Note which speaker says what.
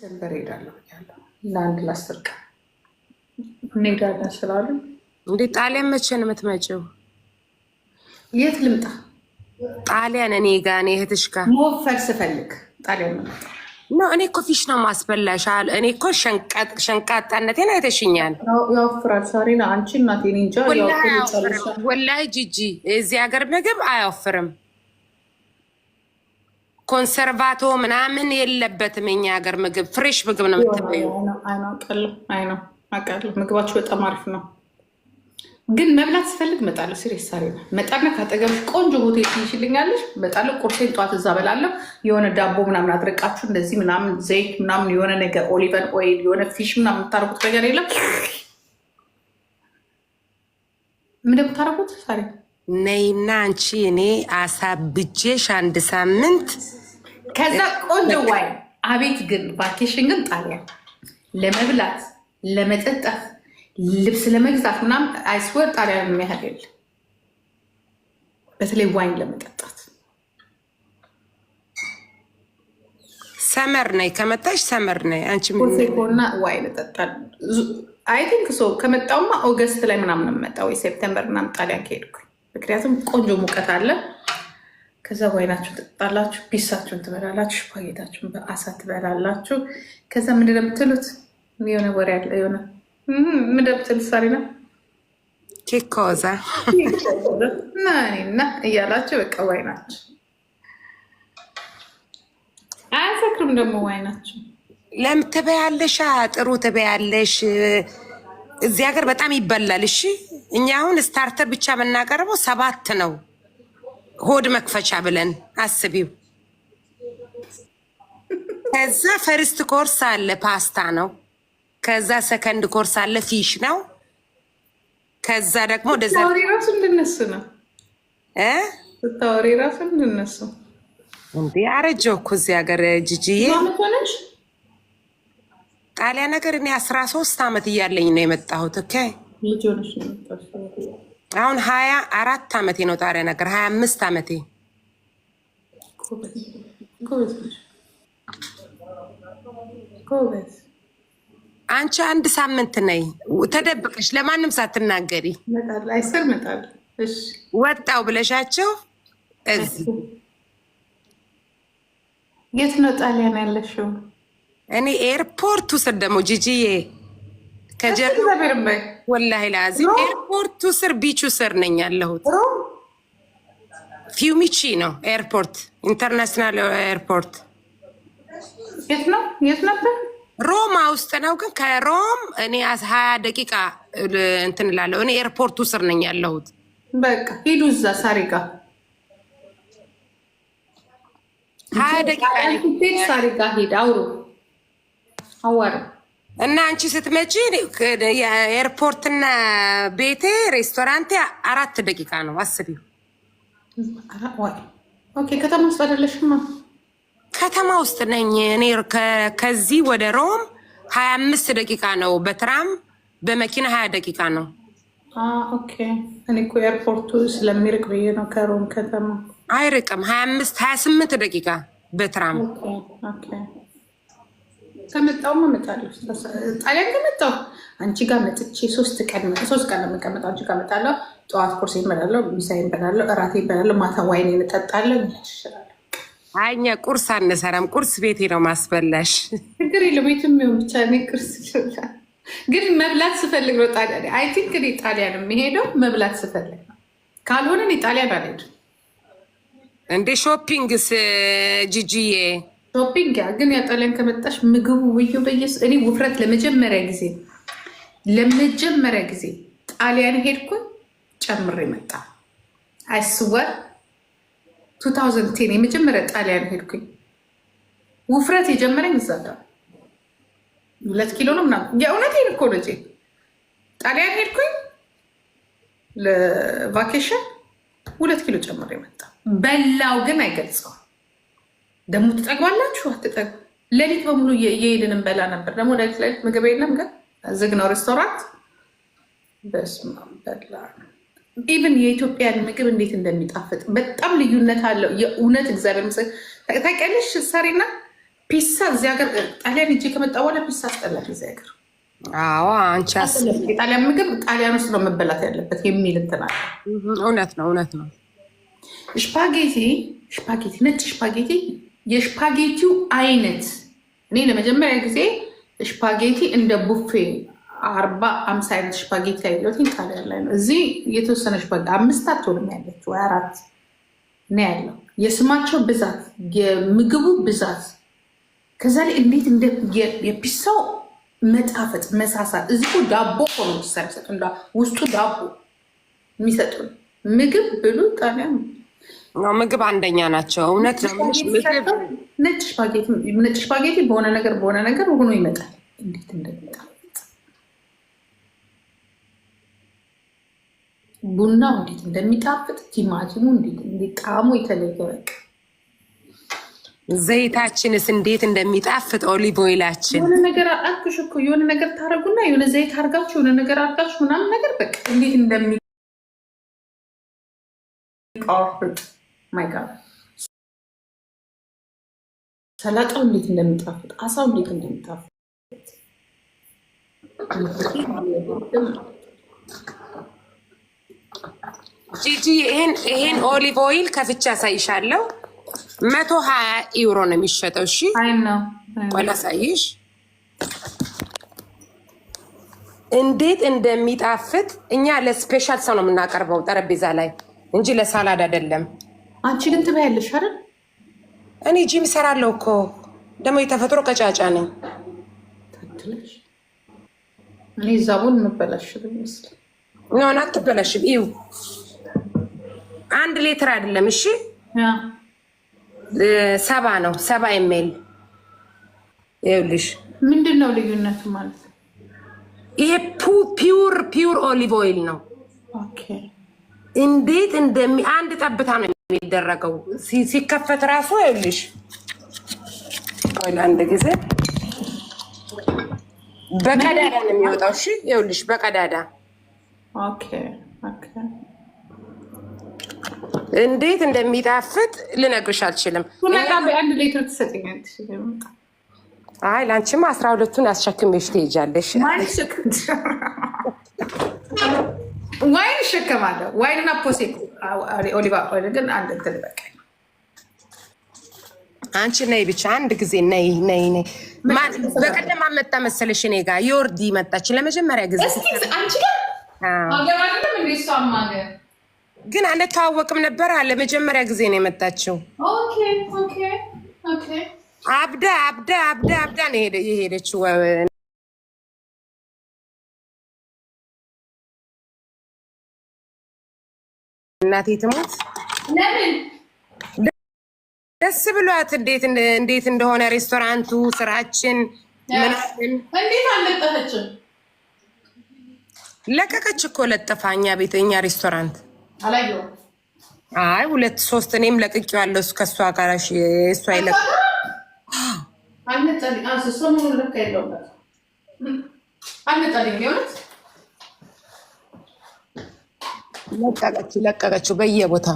Speaker 1: ዲሴምበር ሄዳለሁ ያለው ለአንድ ለአስር ቀን እንሄዳለን ስላሉ
Speaker 2: እንዴ ጣሊያን መቼ ነው የምትመጪው? የት ልምጣ? ጣሊያን እኔ ጋ እኔ እህትሽ ጋ
Speaker 1: መወፈር ስፈልግ ጣሊያን ልምጣ
Speaker 2: እኔ እኮ ፊሽ ነው ማስበላሻል። እኔ እኮ ሸንቃጣነቴን አይተሽኛል።
Speaker 1: ያወፍራል ሳሪና አንቺ እናቴ እኔ እንጃ
Speaker 2: ወላሂ ጂጂ፣ እዚህ ሀገር ምግብ አያወፍርም። ኮንሰርቫቶ ምናምን የለበትም። የኛ ሀገር ምግብ ፍሬሽ ምግብ ነው የምትበዩ።
Speaker 1: አውቃለሁ ምግባችሁ በጣም አሪፍ ነው፣ ግን መብላት ስፈልግ መጣለሁ። ሲሪየስ ሳሪ መጣና ከአጠገብ ቆንጆ ሆቴል ትይሽልኛለሽ፣ መጣለሁ። ቁርሴን ጠዋት እዛ በላለሁ። የሆነ ዳቦ ምናምን አድረቃችሁ እንደዚህ ምናምን ዘይት ምናምን የሆነ ነገር ኦሊቨን ኦይል የሆነ ፊሽ ምናምን የምታረጉት ነገር የለም። ምንደምታረጉት ሳሪ
Speaker 2: ነይና አንቺ እኔ አሳብጄሽ አንድ ሳምንት
Speaker 1: ከዛ ቆንጆ ዋይ አቤት ግን ቫኬሽን ግን ጣሊያ ለመብላት ለመጠጣት ልብስ ለመግዛት ምናምን አይስወር ጣሊያ የሚያህል የለ። በተለይ ዋይን ለመጠጣት
Speaker 2: ሰመር ነይ ከመጣሽ ሰመር ነይ አንቺ
Speaker 1: ሴኮና ዋይ እጠጣለሁ። አይ ቲንክ ሶ ከመጣውማ ኦገስት ላይ ምናምን መጣ ወይ ሴፕተምበር ምናምን ጣሊያን ከሄድኩኝ ምክንያቱም ቆንጆ ሙቀት አለ። ከዛ ወይናችሁን ትጠጣላችሁ፣ ፒሳችሁን ትበላላችሁ፣ ሽፓጌታችሁን በአሳ ትበላላችሁ። ከዛ ምንድን ነው የምትሉት? የሆነ ወሬ ያለ የሆነ ምንድን ነው የምትሉት? ሳሪና ቺኮዛ ናኔና እያላችሁ በቃ ወይናችሁ አያሰክርም። ደግሞ ወይናችሁ
Speaker 2: ለምን ትበያለሽ? ጥሩ ትበያለሽ። እዚህ ሀገር በጣም ይበላል። እሺ እኛ አሁን ስታርተር ብቻ የምናቀርበው ሰባት ነው። ሆድ መክፈቻ ብለን አስቢው። ከዛ ፈርስት ኮርስ አለ ፓስታ ነው። ከዛ ሰከንድ ኮርስ አለ ፊሽ ነው። ከዛ ደግሞ ወደዛሪ
Speaker 1: ራሱ እንድነሱ ነው ስታወሪ ራሱ እንድነሱ
Speaker 2: እንዴ አረጀው እኮ እዚህ ሀገር ጅጅዬ ጣሊያን ነገር እኔ አስራ ሶስት አመት እያለኝ ነው የመጣሁት። ኦኬ
Speaker 1: ነው
Speaker 2: አሁን ሀያ አራት አመቴ ነው። ጣሪያ ነገር ሀያ አምስት አመቴ አንቺ አንድ ሳምንት ነይ ተደብቀሽ ለማንም ሳትናገሪ ወጣው ብለሻቸው እዚህ
Speaker 1: የት ነው ጣሊያን ያለሽው?
Speaker 2: እኔ ኤርፖርት ውስጥ ደግሞ ጂጂዬ ወላሂ ለአዚም ኤርፖርቱ ስር ቢቹ ስር ነኝ ያለሁት። ፊውሚቺ ነው ኤርፖርት፣ ኢንተርናሽናል ኤርፖርት።
Speaker 1: የት ነው የት ነበር?
Speaker 2: ሮማ ውስጥ ነው። ግን ከሮም እኔ ሀያ ደቂቃ እንትን እላለሁ። እኔ ኤርፖርቱ ስር ነኝ ያለሁት።
Speaker 1: በቃ ሂዱ እዛ ሳሪ ጋ ሀያ ደቂቃ ሳሪ ጋ ሂድ አውሩ አዋራ
Speaker 2: እና አንቺ ስትመጪ የኤርፖርትና ቤቴ ሬስቶራንት አራት ደቂቃ ነው። አስቢው።
Speaker 1: ከተማ ውስጥ አይደለሽማ።
Speaker 2: ከተማ ውስጥ ነኝ እኔ። ከዚህ ወደ ሮም ሀያ አምስት ደቂቃ ነው። በትራም በመኪና ሀያ ደቂቃ ነው።
Speaker 1: እኔ እኮ ኤርፖርቱ ስለሚርቅ ብዬ ነው። ከሮም ከተማ
Speaker 2: አይርቅም። ሀያ አምስት ሀያ ስምንት ደቂቃ በትራም
Speaker 1: ከመጣውም እመጣለሁ። ጣሊያን ከመጣው አንቺ ጋር መጥቼ ሶስት ቀን ሶስት ቀን ነው የምቀመጠው። አንቺ ጋር እመጣለሁ። ጠዋት ቁርስ ይበላለሁ፣ ምሳ ይበላለሁ፣ እራት ይበላለሁ፣ ማታ ዋይን እንጠጣለን።
Speaker 2: አይ እኛ ቁርስ አንሰራም። ቁርስ ቤቴ ነው ማስበላሽ።
Speaker 1: ችግር የለም ቤትም ይሁን ብቻ እኔ ቁርስ ግን መብላት ስፈልግ ነው ጣሊያን። አይ ቲንክ እኔ ጣሊያን የሚሄደው መብላት ስፈልግ ነው። ካልሆነ እኔ ጣሊያን አልሄድም።
Speaker 2: እንደ ሾፒንግስ ጂጂዬ
Speaker 1: ሾፒንግ ያ ግን ያጣሊያን ከመጣሽ ምግቡ ውዩ በየስ እኔ ውፍረት ለመጀመሪያ ጊዜ ለመጀመሪያ ጊዜ ጣሊያን ሄድኩኝ ጨምሬ መጣ። አይስወር 2010 የመጀመሪያ ጣሊያን ሄድኩኝ ውፍረት የጀመረኝ እዛ ጋር ሁለት ኪሎ ነው ምናምን የእውነት ሄድ እኮ ልጄ ጣሊያን ሄድኩኝ ለቫኬሽን ሁለት ኪሎ ጨምሬ መጣ። በላው ግን አይገልጸውም ደግሞ ትጠግባላችሁ? አትጠግቡ። ሌሊት በሙሉ የሄድን እንበላ ነበር። ደግሞ ሌሊት ሌሊት ምግብ የለም ግን ዝግ ነው ሬስቶራንት። በስመ አብ በላ ኢቨን የኢትዮጵያን ምግብ እንዴት እንደሚጣፍጥ በጣም ልዩነት አለው። የእውነት እግዚአብሔር ምስክር ታውቂያለሽ። ሰሪና ፒሳ እዚህ ሀገር ጣሊያን እጅ ከመጣ በኋላ ፒሳ አስጠላል። እዚህ ሀገር የጣሊያን ምግብ ጣሊያን ውስጥ ነው መበላት ያለበት የሚል እንትን አለ።
Speaker 2: እውነት ነው፣ እውነት ነው።
Speaker 1: ሽፓጌቲ ሽፓጌቲ ነጭ ሽፓጌቲ የሽፓጌቲው አይነት እኔ ለመጀመሪያ ጊዜ ሽፓጌቲ እንደ ቡፌ አርባ አምሳ አይነት ሽፓጌቲ ያየሁት ጣሊያን ላይ ነው። እዚህ የተወሰነ ሽፓጌ አምስት አትሆንም ያለችው ወይ አራት ነው ያለው። የስማቸው ብዛት፣ የምግቡ ብዛት፣ ከዛ ላይ እንዴት እንደ የፒሳው መጣፈጥ መሳሳት። እዚህ ዳቦ ሆኖ ሰሰጡ ውስጡ ዳቦ የሚሰጡ ምግብ ብሉ ጣሊያን
Speaker 2: ምግብ አንደኛ ናቸው። እውነት
Speaker 1: ነጭ ስፓጌቲ በሆነ ነገር በሆነ ነገር ሆኖ ይመጣል። እንዴት እንደሚጣ ቡናው እንዴት እንደሚጣፍጥ ቲማቲሙ እንዴት ጣዕሙ የተለየ በቃ
Speaker 2: ዘይታችንስ እንዴት እንደሚጣፍጥ ኦሊቭ ኦይላችን
Speaker 1: የሆነ ነገር አጣችሁ እኮ የሆነ ነገር ታደረጉና የሆነ ዘይት አርጋችሁ የሆነ ነገር አርጋችሁ ምናምን ነገር በቃ እንዴት እንደሚ ማይጋር ሰላጣው እንዴት እንደሚጣፍጥ አሳው እንዴት እንደሚጣፍጥ
Speaker 2: ጂጂ ይሄን ኦሊቭ ኦይል ከፍቻ አሳይሻለሁ። መቶ ሀያ ዩሮ ነው የሚሸጠው። እሺ ቆላ ሳይሽ እንዴት እንደሚጣፍጥ እኛ ለስፔሻል ሰው ነው የምናቀርበው ጠረጴዛ ላይ እንጂ ለሳላድ አይደለም።
Speaker 1: አንቺ ግን ትበያለሽ አይደል?
Speaker 2: እኔ ጂም እሰራለሁ እኮ ደግሞ የተፈጥሮ ቀጫጫ ነኝ። ትትለሽ
Speaker 1: እኔ እዛ ቡን መበላሽ ይመስል
Speaker 2: ሆን አትበላሽም። ይው አንድ ሌትር አይደለም እሺ፣ ሰባ ነው። ሰባ የሚል ይኸውልሽ።
Speaker 1: ምንድን ነው ልዩነቱ ማለት
Speaker 2: ይሄ ፒውር ፒውር ኦሊቭ ኦይል ነው። እንዴት እንደሚ አንድ ጠብታ ነው የሚደረገው ሲከፈት ራሱ ይልሽ አንድ ጊዜ በቀዳዳ ነው የሚወጣው። እሺ ይኸውልሽ፣ በቀዳዳ እንዴት እንደሚጣፍጥ ልነግርሽ አልችልም። አይ ለአንቺማ አስራ ሁለቱን አስሸክሜሽ ትሄጃለሽ።
Speaker 1: ዋይን ዋይን ዋይንና ፖሴኮ ኦሊቫ ኦይል ግን አንድ እንትን በቃኝ።
Speaker 2: አንቺ ነይ ብቻ አንድ ጊዜ ነይ ነይ ነይ። በቀደም መጣ መሰለሽ እኔ ጋ የወርዲ መጣች ለመጀመሪያ ጊዜ ግን አንተዋወቅም ነበር። ለመጀመሪያ ጊዜ ነው የመጣችው። አብዳ አብዳ አብዳ አብዳ ነው የሄደችው። እናቴ ትሞት ደስ ብሏት እንዴት እንዴት እንደሆነ ሬስቶራንቱ፣ ስራችን
Speaker 1: እንዴት አልለጠፈችም?
Speaker 2: ለቀቀች እኮ ለጠፋኛ ቤተኛ ቤት እኛ ሬስቶራንት አይ ሁለት ሶስት እኔም ለቅቄዋለሁ። ከእሷ ጋር እሷ ይለቅ
Speaker 1: አንጠልኝ አንስ ሰሞኑን ልክ የለውበት አንጠልኝ ቢሆነት ለቀቀችው ለቀቀችው በየቦታ።